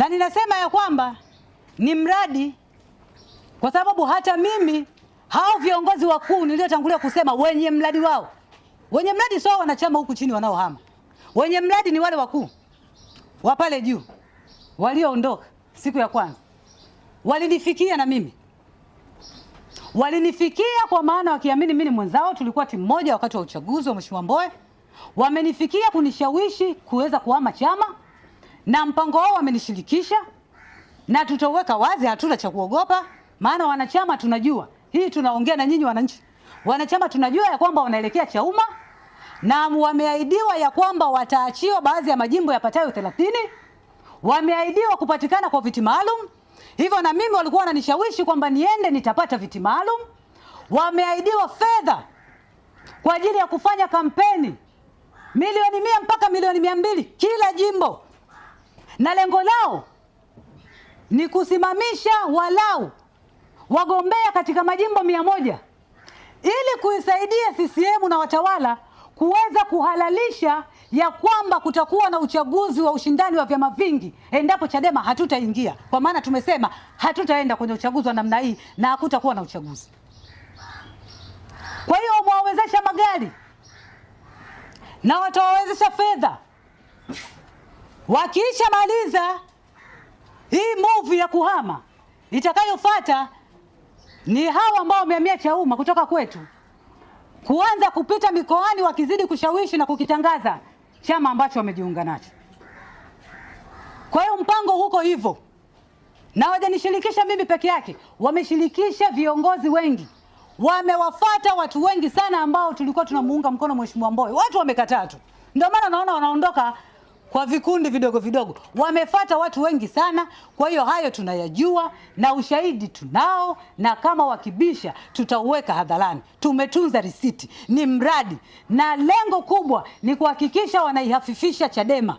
na ninasema ya kwamba ni mradi, kwa sababu hata mimi hao viongozi wakuu niliotangulia kusema wenye mradi wao, wenye mradi sio wanachama huku chini wanaohama, wenye mradi ni wale wakuu wa pale juu walioondoka. Siku ya kwanza walinifikia na mimi walinifikia kwa maana wakiamini mimi ni mwenzao, tulikuwa timu moja wakati wa uchaguzi wa Mheshimiwa Mbowe, wamenifikia kunishawishi kuweza kuhama chama na mpango wao wamenishirikisha na tutaweka wazi, hatuna cha kuogopa, maana wanachama tunajua hii, tunaongea na nyinyi wananchi, wanachama tunajua ya kwamba wanaelekea Chauma na wameahidiwa ya kwamba wataachiwa baadhi ya majimbo yapatayo thelathini. Wameahidiwa kupatikana kwa viti maalum, hivyo na mimi walikuwa wananishawishi kwamba niende nitapata viti maalum. Wameahidiwa fedha kwa ajili ya kufanya kampeni milioni mia mpaka milioni mia mbili kila jimbo na lengo lao ni kusimamisha walau wagombea katika majimbo mia moja ili kuisaidia CCM na watawala kuweza kuhalalisha ya kwamba kutakuwa na uchaguzi wa ushindani wa vyama vingi endapo Chadema hatutaingia, kwa maana tumesema hatutaenda kwenye uchaguzi wa namna hii na hakutakuwa na uchaguzi. Kwa hiyo wamewawezesha magari na watawawezesha fedha wakiisha maliza hii movu ya kuhama, itakayofuata ni hawa ambao wamehamia Chauma kutoka kwetu kuanza kupita mikoani wakizidi kushawishi na kukitangaza chama ambacho wamejiunga nacho. Kwa hiyo mpango huko hivyo, na wajanishirikisha mimi peke yake, wameshirikisha viongozi wengi, wamewafata watu wengi sana ambao tulikuwa tunamuunga mkono Mheshimiwa Mbowe, watu wamekataa tu, ndio maana naona wanaondoka kwa vikundi vidogo vidogo, wamefata watu wengi sana. Kwa hiyo hayo tunayajua na ushahidi tunao, na kama wakibisha tutauweka hadharani. Tumetunza risiti, ni mradi na lengo kubwa ni kuhakikisha wanaihafifisha Chadema.